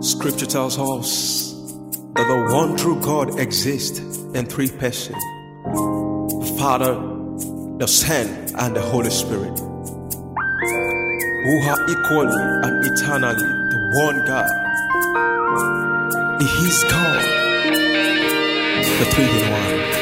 Scripture tells us that the one true God exists in three persons the Father, the Son, and the Holy Spirit, who are equally and eternally the one God. He is God, the three in one.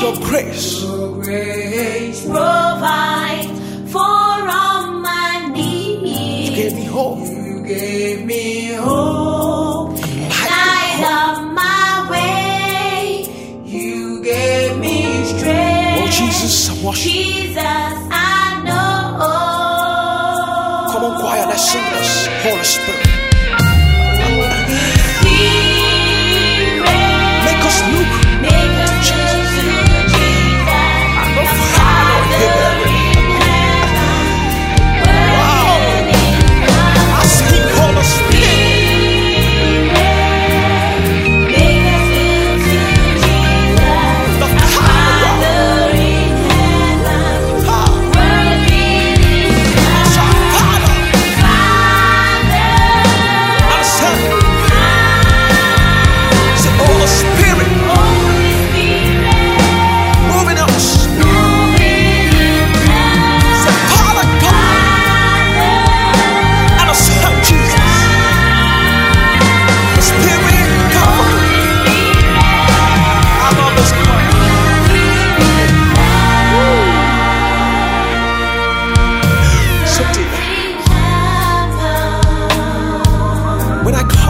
your grace. Your grace provides for all my needs. You gave me hope. You gave me hope. Light up my way. You gave me strength. Oh Jesus, I worship. Jesus, I know. Come on, choir, let's sing this. Holy Spirit. Make us look.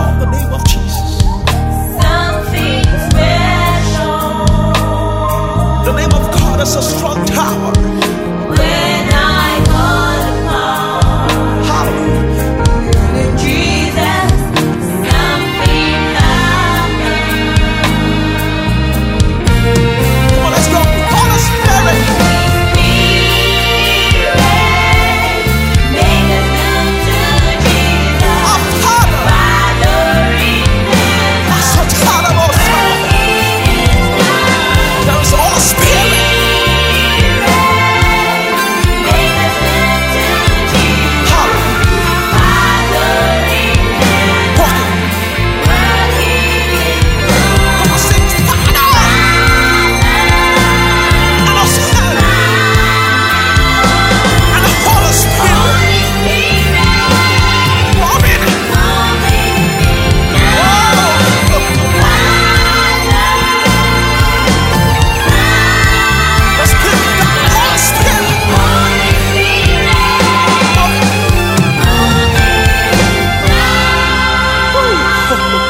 call the name of 哦。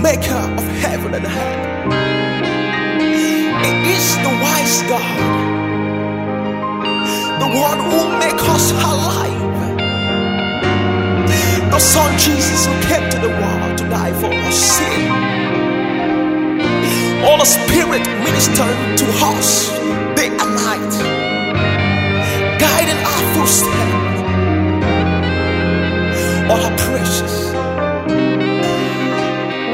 maker of heaven and earth. It is the wise God, the one who makes us alive. The Son Jesus who came to the world to die for our sin. All the Spirit ministering to us day and night, guiding our footsteps. All our precious.